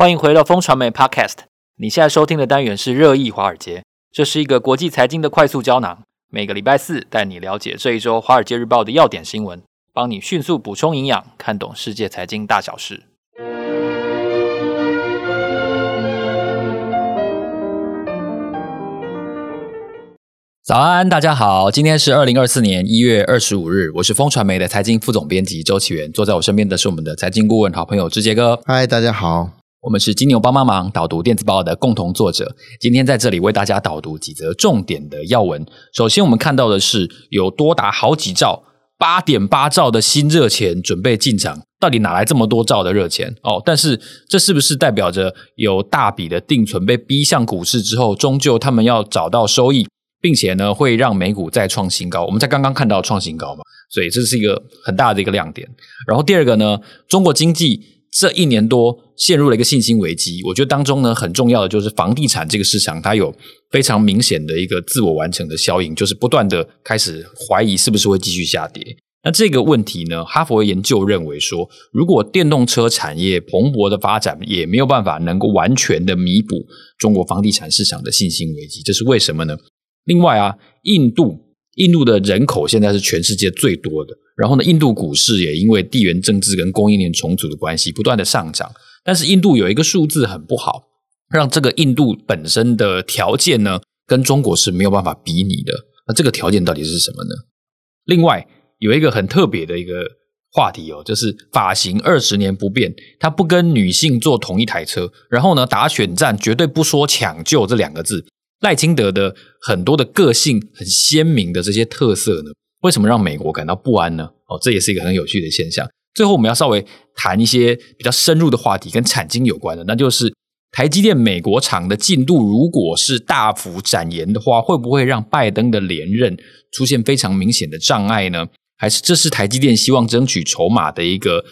歡迎回到風傳媒 Podcast。你現在收聽的單元是熱議華爾街，這是一個國際財經的快速膠囊。每個禮拜四帶你了解這一周《華爾街日報》的要點新聞，幫你迅速補充營養，看懂世界財經大小事。早安，大家好，今天是二零二四年一月二十五日，我是風傳媒的財經副總編輯周岐原，坐在我身邊的是我們的財經顧問好朋友之杰哥。嗨，大家好。我們是金牛幫幫忙導讀電子報的共同作者，今天在這裡為大家導讀幾則重點的要聞。首先，我們看到的是有多達好幾兆、八點八兆的新熱錢準備進場，到底哪來這麼多兆的熱錢？哦，但是這是不是代表着有大筆的定存被逼向股市之後，終究他們要找到收益，並且呢，會讓美股再創新高？我們在剛剛看到創新高嘛，所以這是一個很大的一個亮點。然後第二個呢，中國經濟。這一年多陷入了一個信心危機，我覺得當中呢，很重要的就是房地產這個市場，它有非常明顯的一個自我完成的效應，就是不斷的開始懷疑是不是會繼續下跌。那這個問題呢，哈佛研究認為說，如果電動車產業蓬勃的發展，也沒有辦法能夠完全的彌補中國房地產市場的信心危機，這是為什麼呢？另外啊，印度印度的人口現在是全世界最多的。然後呢，印度股市也因為地緣政治跟供應鏈重組的關係，不斷的上漲。但是印度有一個數字很不好，讓這個印度本身的條件呢，跟中國是沒有辦法比擬的。那這個條件到底是什麼呢？另外有一個很特別的一個話題哦，就是髮型二十年不變，他不跟女性坐同一台車，然後呢，打選戰絕對不說“搶救”這兩個字。賴清德的很多的個性很鮮明的這些特色呢，為什麼讓美國感到不安呢？哦，這也是一個很有趣的現象。最後，我們要稍微談一些比較深入的話題，跟產經有關的，那就是台積電美國廠的進度，如果是大幅展延的話，會不會讓拜登的連任出現非常明顯的障礙呢？還是這是台積電希望爭取籌碼的一個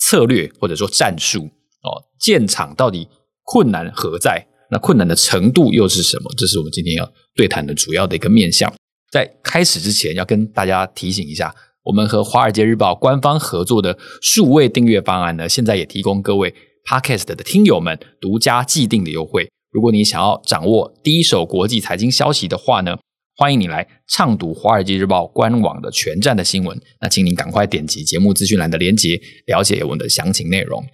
策略或者說戰術？哦，建廠到底困難何在？那困難的程度又是什麼？這是我們今天要對談的主要的一個面向。在開始之前，要跟大家提醒一下，我們和《華爾街日報》官方合作的數位訂閱方案呢，現在也提供各位 Podcast 的聽友們獨家季訂的優惠。如果你想要掌握第一手國際財經消息的話呢，歡迎你來暢讀《華爾街日報》官網的全站的新聞。那請您趕快點擊節目資訊欄的連結，了解我們的詳情內容。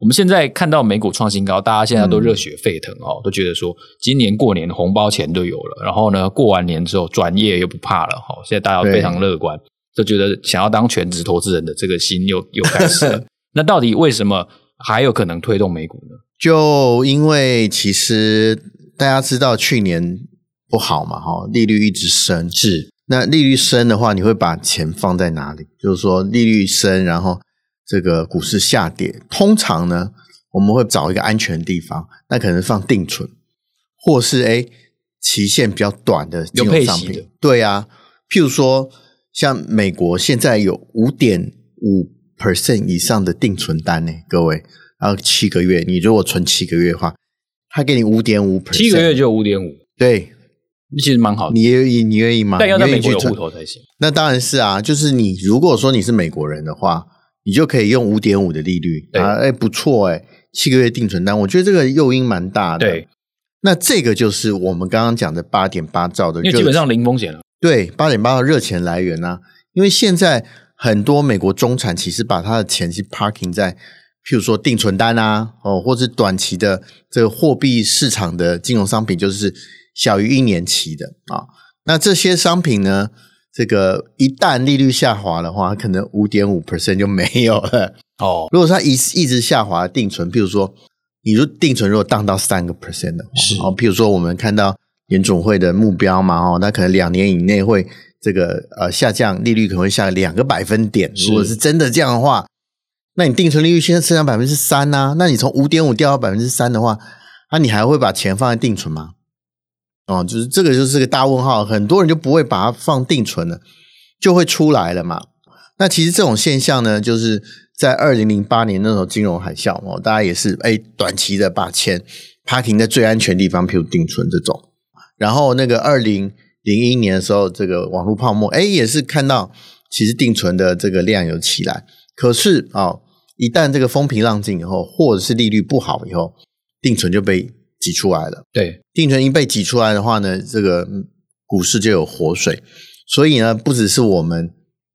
我們現在看到美股創新高，大家現在都熱血沸騰、嗯、哦，都覺得說今年過年紅包錢都有了，然後呢，過完年之後轉業又不怕了哈、哦。現在大家都非常樂觀，都對覺得想要當全職投資人的這個心又又開始了。 那到底為什麼還有可能推動美股呢？就因為其實大家知道去年不好嘛、哦，哈，利率一直升，是那利率升的話，你會把錢放在哪裡？就是說利率升，然後。這個股市下跌，通常呢，我們會找一個安全的地方，那可能放定存，或是誒期限比較短的金融商品。對啊，譬如說像美國現在有五點五 percent 以上的定存單呢，各位，然後七個月，你如果存七個月的話，他給你五點五 percent。七個月就五點五。對，那其實蠻好的，你願意。你你你願意嗎？但要在美國有戶頭才行。那當然是啊，就是你如果說你是美國人的話。你就可以用五點五的利率對啊！誒不錯誒，七個月定存單，我覺得這個誘因蠻大的。對，那這個就是我們剛剛講的八點八兆的，因為基本上零風險了。對，八點八的熱錢來源呢、啊？因為現在很多美國中產其實把他的錢是 parking 在，譬如說定存單啊，哦，或者短期的這個貨幣市場的金融商品，就是小於一年期的啊、哦。那這些商品呢？這個一旦利率下滑的話，可能五點五 percent 就沒有了哦。如果它一一直下滑，定存，比如說，你如定存，如果當到三個 percent 的話，是哦，譬如說我們看到聯準會的目標嘛，哦，那可能兩年以內會這個呃下降利率，可能會下兩個百分點。是如果是真的這樣的話，那你定存利率現在剩下百分之三呢？那你從五點五掉到百分之三的話，那、啊、你還會把錢放在定存嗎？哦，就是這個，就是個大問號，很多人就不會把它放定存了，就會出來了嘛。那其實這種現象呢，就是在二零零八年那時候金融海嘯哦，大家也是哎短期的把錢 parking 在最安全地方，譬如定存這種。然後那個二零零一年的時候，這個網絡泡沫，哎也是看到其實定存的這個量有起來，可是啊、哦，一旦這個風平浪靜以後，或者是利率不好以後，定存就被擠出來了，對定存一被擠出來的話呢，這個股市就有活水，所以呢，不只是我們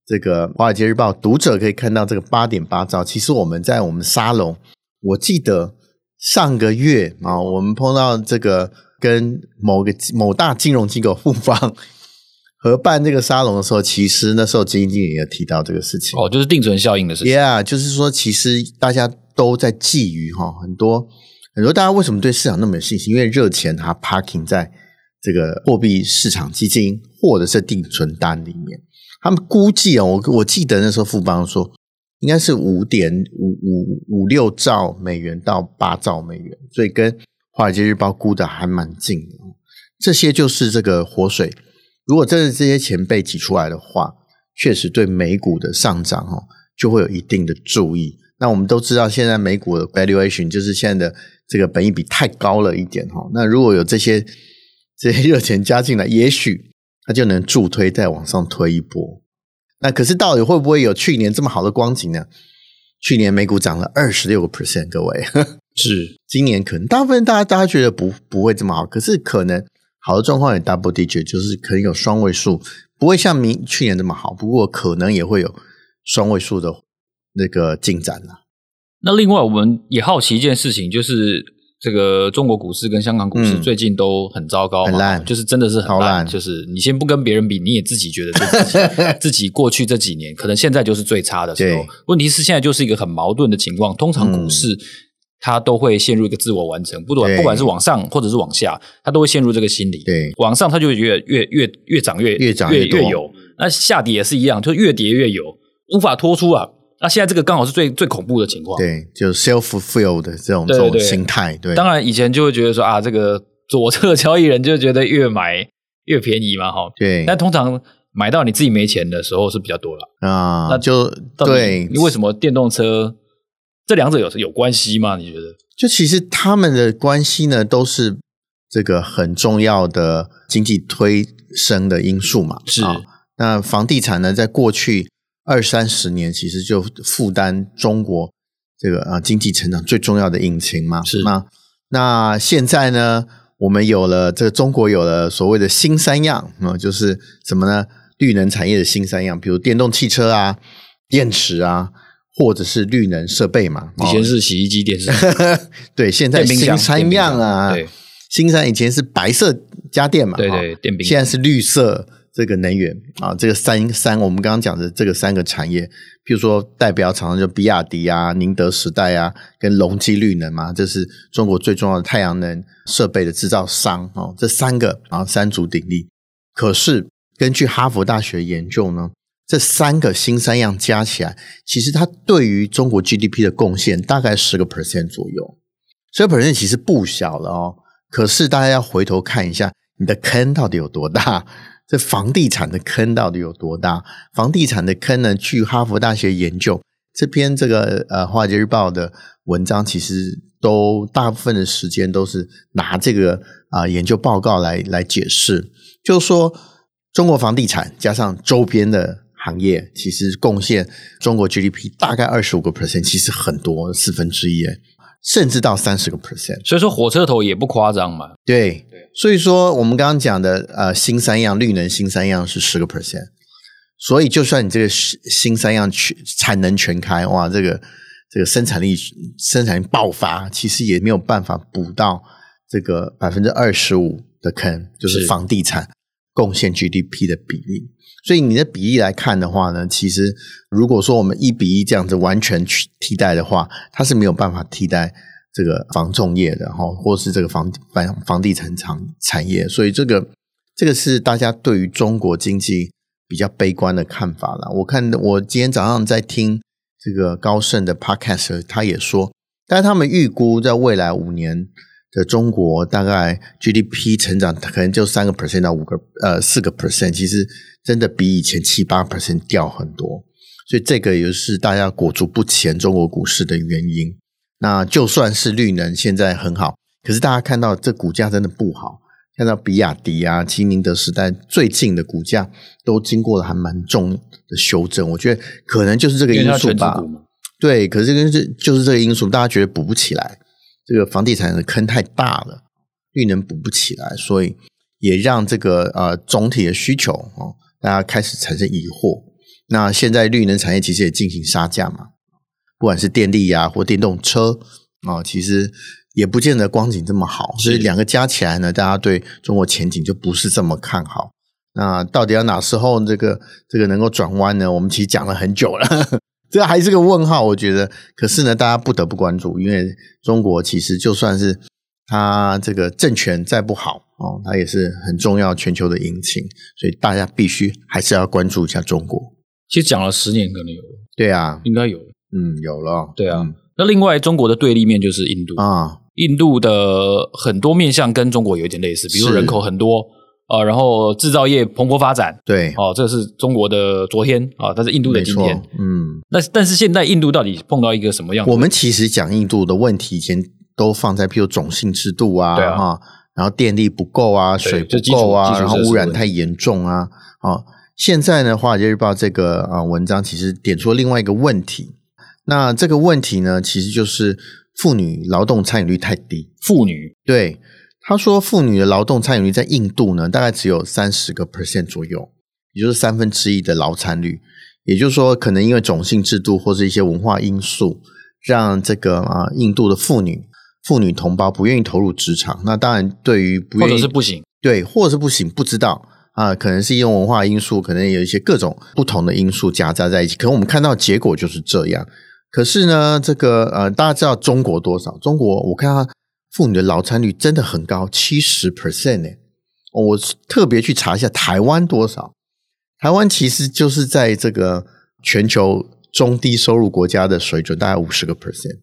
這個《華爾街日報》讀者可以看到這個八點八兆，其實我們在我們沙龍，我記得上個月啊，我們碰到這個跟某個某大金融機構互訪合辦這個沙龍的時候，其實那時候基金經理也提到這個事情，哦，就是定存效應的事情，Yeah，就是說其實大家都在覬覦哈，很多。很多大家為什麼對市場那麼有信心？因為熱錢它 parking 在這個貨幣市場基金或者是定存單裡面。他們估計哦、喔，我記得那時候富邦說應該是五點五五五六兆美元到八兆美元，所以跟華爾街日報估的還蠻近的。這些就是這個活水。如果真的這些錢被擠出來的話，確實對美股的上漲哦、喔，就會有一定的注意。那我們都知道現在美股的 valuation 就是現在的。這個本益比太高了一點哈，那如果有這些這些熱錢加進來，也許它就能助推再往上推一波。那可是到底會不會有去年這麼好的光景呢？去年美股漲了二十六個 percent，各位 是今年可能大部分大家大家覺得不不會這麼好，可是可能好的狀況也 double digit，就是可能有雙位數，不會像明去年這麼好，不過可能也會有雙位數的那個進展了。那另外我們也好奇一件事情，就是這個中國股市跟香港股市最近都很糟糕，很爛，就是真的是很爛。就是你先不跟別人比，你也自己覺得自己自己過去這幾年可能現在就是最差的時候。問題是現在就是一個很矛盾的情況，通常股市它都會陷入一個自我完成，不管不管是往上或者是往下，它都會陷入這個心理。對，往上它就越越越越漲越越漲越，越有。那下跌也是一樣，就越跌越有，無法脫出啊。那、啊、現在這個剛好是最最恐怖的情況，對，就 self-fulfilled 這種這種心態，對。當然以前就會覺得說啊，這個左側交易人就覺得越買越便宜嘛，哈，對。但通常買到你自己沒錢的時候是比較多了啊。那就對，你為什麼電動車對這兩者有有關係嗎？你覺得？就其實他們的關係呢，都是這個很重要的經濟推升的因素嘛。是、哦。那房地產呢，在過去。二三十年，其實就負擔中國這個啊經濟成長最重要的引擎嘛。是嗎？那現在呢，我們有了這個中國有了所謂的新三樣啊，就是什麼呢？綠能產業的新三樣，比如電動汽車啊、電池啊，或者是綠能設備嘛、哦。以前是洗衣機、電視， 對，現在新三樣啊，新三以前是白色家電嘛，對對，現在是綠色。這個能源啊，這個三三，我們剛剛講的這個三個產業，譬如說代表廠就比亞迪啊、寧德時代啊，跟隆基綠能嘛，這是中國最重要的太陽能設備的製造商啊，這三個啊，三足鼎立。可是根據哈佛大學研究呢，這三個新三樣加起來，其實它對於中國 GDP 的貢獻大概十個 percent 左右，十個 percent 其實不小了哦。可是大家要回頭看一下，你的坑到底有多大？這房地產的坑到底有多大？房地產的坑呢？據哈佛大學研究，這篇這個呃《華爾街日報》的文章，其實都大部分的時間都是拿這個啊、呃、研究報告來來解釋，就是說中國房地產加上周邊的行業，其實貢獻中國 GDP 大概二十五個 percent，其實很多四分之一哎，甚至到三十個 percent，所以說火車頭也不誇張嘛。對對，所以說我們剛剛講的呃新三樣綠能新三樣是十個 percent，所以就算你這個新三樣全產能全開，哇這個這個生產力生產力爆發，其實也沒有辦法補到這個百分之二十五的坑，就是房地產。貢獻 GDP 的比例，所以你的比例來看的話呢，其實如果說我們一比一這樣子完全去替代的話，它是沒有辦法替代這個房重業的哈，或是這個房房房地產產產業，所以這個這個是大家對於中國經濟比較悲觀的看法啦。我看我今天早上在聽這個高盛的 podcast，他也說，但是他們預估在未來五年。在中國大概 GDP 成長可能就三個 percent 到、啊、五個呃四個 percent，其實真的比以前七八 percent 掉很多，所以這個也是大家裹足不前中國股市的原因。那就算是綠能現在很好，可是大家看到這股價真的不好，看到比亞迪啊、吉利、寧德時代最近的股價都經過了還蠻重的修正，我覺得可能就是這個因素吧。對，可是是就是這個因素，大家覺得補不起來。這個房地產的坑太大了，綠能補不起來，所以也讓這個呃總體的需求，哦，大家開始產生疑惑。那現在綠能產業其實也進行殺價嘛，不管是電力呀、啊、或電動車啊、哦，其實也不見得光景這麼好。是的所以兩個加起來呢，大家對中國前景就不是這麼看好。那到底要哪時候這個這個能夠轉彎呢？我們其實講了很久了。 這還是個問號，我覺得。可是呢，大家不得不關注，因為中國其實就算是它這個政權再不好哦，它也是很重要全球的引擎，所以大家必須還是要關注一下中國。其實講了十年，可能有了。對啊，應該有了，嗯，有了，對啊。嗯。那另外，中國的對立面就是印度啊，嗯。印度的很多面向跟中國有一點類似，比如說人口很多。啊、呃，然後製造業蓬勃發展，對，哦，這是中國的昨天啊，但、哦、是印度的今天，嗯，那但，但是現在印度到底碰到一個什麼樣？我們其實講印度的問題，以前都放在譬如種姓制度啊，哈、啊，然後電力不夠啊，水不夠啊，然後污染太嚴重啊，啊，現在的話，《華爾街日報》這個啊文章其實點出了另外一個問題，那這個問題呢，其實就是婦女勞動參與率太低，婦女對。他說，婦女的勞動參與率在印度呢，大概只有三十個 percent 左右，也就是三分之一的勞參率。也就是說，可能因為種姓制度或者一些文化因素，讓這個啊印度的婦女、婦女同胞不願意投入職場。那當然對於不願意，對於或者是不行，對，或者是不行，不知道啊，可能是因為文化因素，可能有一些各種不同的因素夾雜在一起。可能我們看到的結果就是這樣。可是呢，這個呃，大家知道中國多少？中國我看它。婦女的勞參率真的很高，七十 percent 呢。我特別去查一下台灣多少，台灣其實就是在這個全球中低收入國家的水準，大概五十個 percent。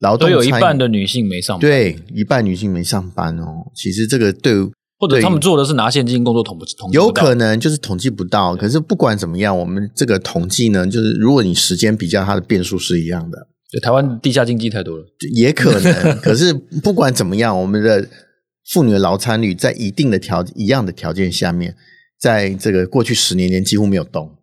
勞動都有一半的女性沒上班，對，一半女性沒上班哦。其實這個對，或者他們做的是拿現金工作，統不統？有可能就是統計不到。可是不管怎麼樣，我們這個統計呢，就是如果你時間比較，它的變數是一樣的。台灣地下經濟太多了，也可能。可是不管怎麼樣，我們的婦女的勞參率在一定的條一樣的條件下面，在這個過去十年間幾乎沒有動。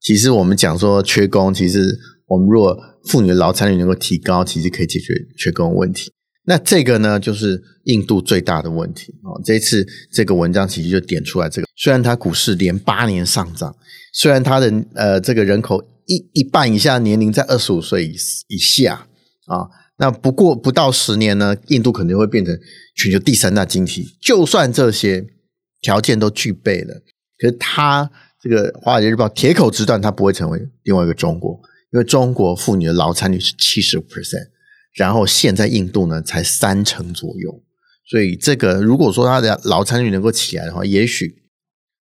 其實我們講說缺工，其實我們如果婦女的勞參率能夠提高，其實可以解決缺工的問題。那這個呢，就是印度最大的問題，喔，這次這個文章其實就點出來這個，雖然它股市連八年上漲，雖然它的呃這個人口。一一半以下年齡在二十五歲以以下啊、哦，那不過不到十年呢，印度肯定會變成全球第三大經濟體。就算這些條件都具備了，可是它這個《華爾街日報》鐵口直斷，它不會成為另外一個中國，因為中國婦女的勞參率是七十五 percent，然後現在印度呢才三成左右，所以這個如果說它的勞參率能夠起來的話，也許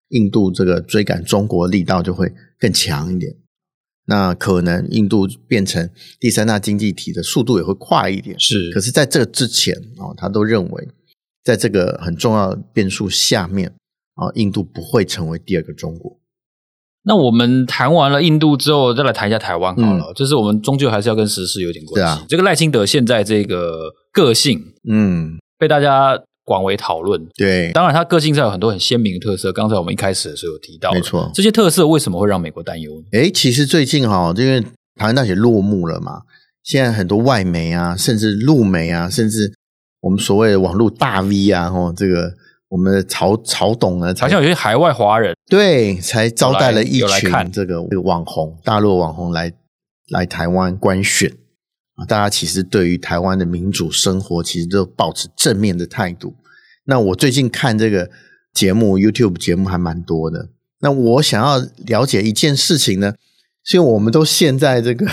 印度這個追趕中國力道就會更強一點。那可能印度變成第三大經濟體的速度也會快一點，是。可是在這之前啊、哦，他都認為，在這個很重要的變數下面啊，印度不會成為第二個中國。那我們談完了印度之後，再來談一下台灣好了。嗯、就是我們終究還是要跟時事有點關係。對啊、這個賴清德現在這個個性，嗯，被大家。廣為討論，對，當然他個性上有很多很鮮明的特色。剛才我們一開始的時候有提到，沒錯，這些特色為什麼會讓美國擔憂呢？誒其實最近哈、哦，因為台灣大選落幕了嘛，現在很多外媒啊，甚至陸媒啊，甚至我們所謂的網絡大 V 啊，哈，這個我們的曹曹董呢，才好像有些海外華人對才招待了一群這個網紅，大陸網紅來來台灣觀選。啊，大家其實對於台灣的民主生活，其實都保持正面的態度。那我最近看這個節目，YouTube 節目還蠻多的。那我想要了解一件事情呢，是因為我們都陷在這個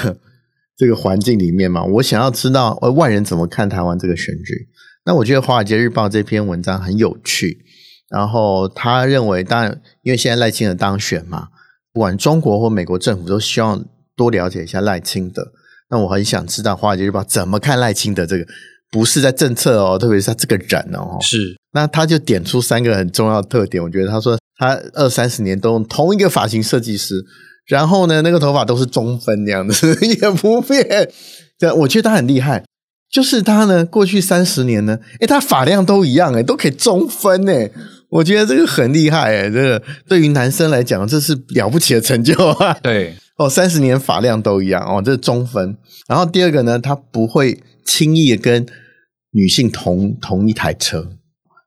這個環境裡面嘛，我想要知道呃，外人怎麼看台灣這個選舉。那我覺得《華爾街日報》這篇文章很有趣。然後他認為，當然，因為現在賴清德當選嘛，不管中國或美國政府都希望多了解一下賴清德。那我很想知道華爾街日報怎麼看賴清德這個，不是在政策哦，特別是他這個人哦。是，那他就點出三個很重要的特點。我覺得他說他二三十年都用同一個髮型設計師，然後呢，那個頭髮都是中分這樣的也不變。對，我覺得他很厲害，就是他呢，過去三十年呢，誒、欸，他髮量都一樣、欸，誒，都可以中分、欸，誒，我覺得這個很厲害、欸，誒，這個對於男生來講，這是了不起的成就啊。對。哦，三十年髮量都一樣哦，這是中分。然後第二個呢，他不會輕易跟女性同同一台車，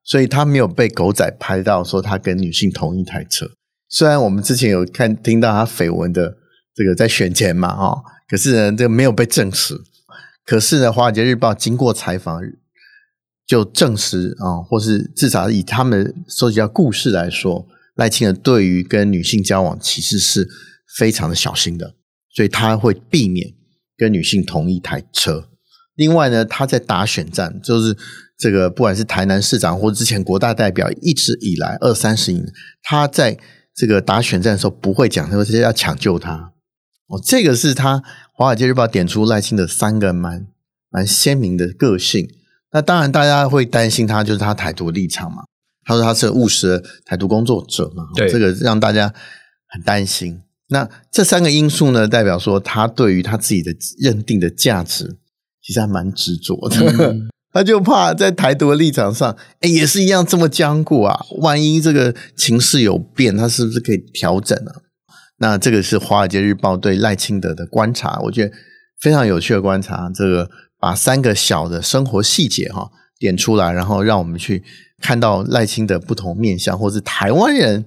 所以他沒有被狗仔拍到說他跟女性同一台車。雖然我們之前有看聽到他緋聞的這個，在選前嘛，哦，可是呢，這個沒有被證實。可是呢，《華爾街日報》經過採訪就證實啊、哦，或是至少是以他們蒐集的故事來說，賴清德對於跟女性交往其實是。非常的小心的，所以他會避免跟女性同一台車。另外呢，他在打選戰，就是這個不管是台南市長或者之前國大代表，一直以來二三十年，他在這個打選戰的時候不會講，他、就、說、是、要搶救他哦。這個是他《華爾街日報》點出賴清德的三個蠻蠻鮮明的個性。那當然大家會擔心他就是他台獨立場嘛。他說他是務實的台獨工作者嘛，哦、對這個讓大家很擔心。那這三個因素呢，代表說他對於他自己的認定的價值，其實還蠻執着的。嗯、 他就怕在台獨的立場上，哎，也是一樣這麼僵固啊。萬一這個情勢有變，他是不是可以調整啊？那這個是《華爾街日報》對賴清德的觀察，我覺得非常有趣的觀察。這個把三個小的生活細節哈、哦、點出來，然後讓我們去看到賴清德不同面向，或是台灣人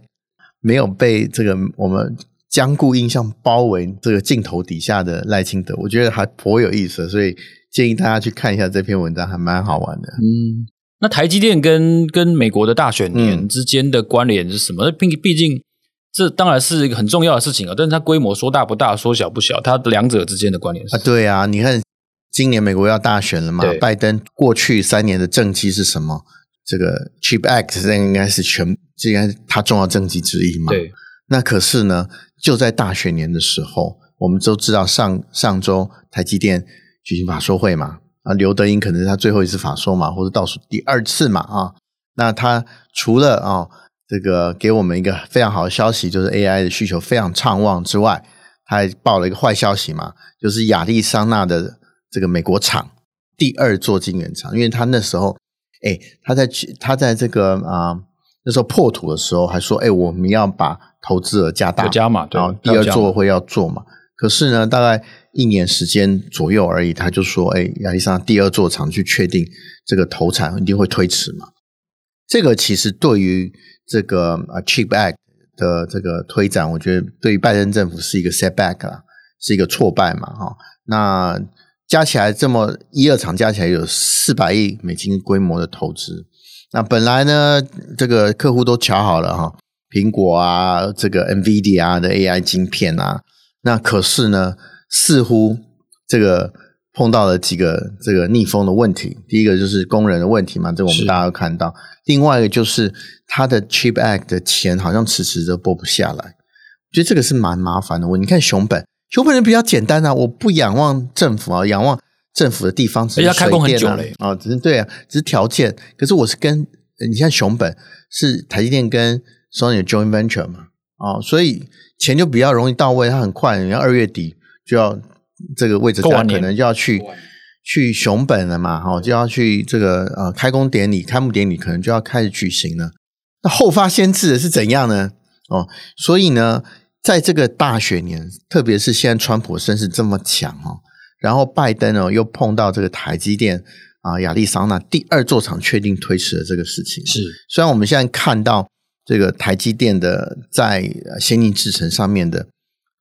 沒有被這個我們。僵固印象包圍這個鏡頭底下的賴清德，我覺得還頗有意思，所以建議大家去看一下這篇文章，還蠻好玩的。嗯，那台積電跟跟美國的大選年之間的關聯是什麼？畢、嗯、畢竟這當然是一個很重要的事情啊，但是它規模說大不大，說小不小。它兩者之間的關聯是什麼啊，對啊，你看今年美國要大選了嘛，對拜登過去三年的政績是什麼？這個 Chip Act 這應該是全這應該是它重要政績之一嘛。對，那可是呢？就在大選年的時候，我們都知道上上周台積電舉行法說會嘛，啊，劉德音可能是他最後一次法說嘛，或者倒數第二次嘛，啊，那他除了啊、哦、這個給我們一個非常好的消息，就是 AI 的需求非常暢旺之外，他還報了一個壞消息嘛，就是亞利桑那的這個美國廠第二座晶圓廠，因為他那時候哎他在去他在這個啊。呃那時候破土的時候還說：“哎、欸，我們要把投資額加大，加碼，對，第二座會要做嘛。可是呢，大概一年時間左右而已。他就說：‘哎、欸，亞利桑第二座廠去確定這個投產一定會推遲嘛。’這個其實對於這個啊 CHIPS Act 的這個推展，我覺得對於拜登政府是一個 setback 啦，是一個挫敗嘛。哈，那加起來這麼一二廠加起來有四百億美金規模的投資。”那本來呢，這個客戶都瞧好了哈，蘋果啊，這個 NVIDIA 的 AI 晶片啊，那可是呢，似乎這個碰到了幾個這個逆風的問題。第一個就是工人的問題嘛，這個我們大家都看到；是另外一個就是他的 Chip Act 的錢好像遲遲都撥不下來，我覺得這個是蠻麻煩的。我，你看熊本，熊本人比較簡單啊，我不仰望政府啊，仰望。政府的地方只是、啊，所以要開工很久了哦，只是對啊，只是條件。可是我是跟你像熊本是台積電跟 Sony 的 joint venture 嘛哦，所以錢就比較容易到位，它很快。你要二月底就要這個位置，可能就要去完去熊本了嘛，哦，就要去這個呃開工典禮、開幕典禮，可能就要開始舉行了。那後發先至的是怎樣呢？哦，所以呢，在這個大選年，特別是現在川普聲勢這麼強哦。然後拜登哦又碰到這個台積電啊亞利桑那第二座廠確定推遲的這個事情是，雖然我們現在看到這個台積電的在先進製程上面的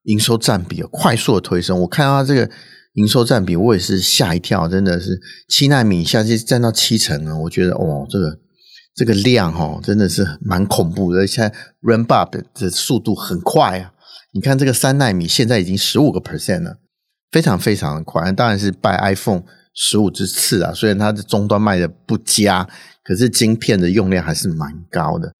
營收占比啊快速的推升，我看到它這個營收占比我也是嚇一跳，真的是七納米現在是占到七成啊！我覺得哦這個這個量哦，真的是蠻恐怖的，現在 ramp up 的速度很快啊！你看這個三納米現在已經十五個 percent 了。非常非常的快，當然是拜 iPhone 十五之賜啊。雖然它的終端賣的不佳，可是晶片的用量還是蠻高的，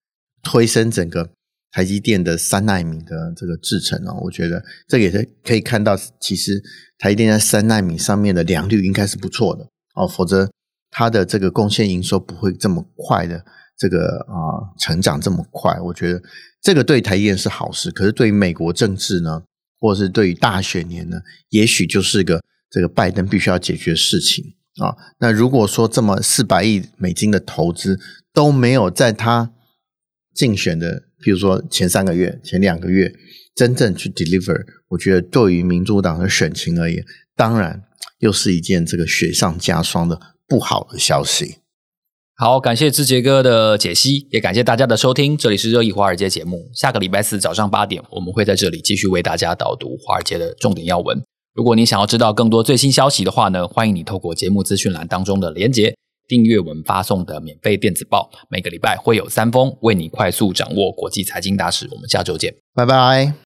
推升整個台積電的三奈米的這個製程哦。我覺得這也是可以看到，其實台積電在三奈米上面的良率應該是不錯的哦，否則它的這個貢獻營收不會這麼快的這個啊、呃、成長這麼快。我覺得這個對台積電是好事，可是對於美國政治呢？或者是對於大選年呢，也許就是個這個拜登必須要解決的事情啊、哦。那如果說這麼四百億美金的投資都沒有在他競選的，譬如說前三個月、前兩個月真正去 deliver，我覺得對於民主黨的選情而言，當然又是一件這個雪上加霜的不好的消息。好，感謝之杰哥的解析，也感謝大家的收聽。這裡是熱議華爾街節目，下個禮拜四早上八點，我們會在這裡繼續為大家導讀華爾街的重點要聞。如果你想要知道更多最新消息的話呢，歡迎你透過節目資訊欄當中的連結訂閱我們發送的免費電子報，每個禮拜會有三封，為你快速掌握國際財經大事，我們下周見，拜拜。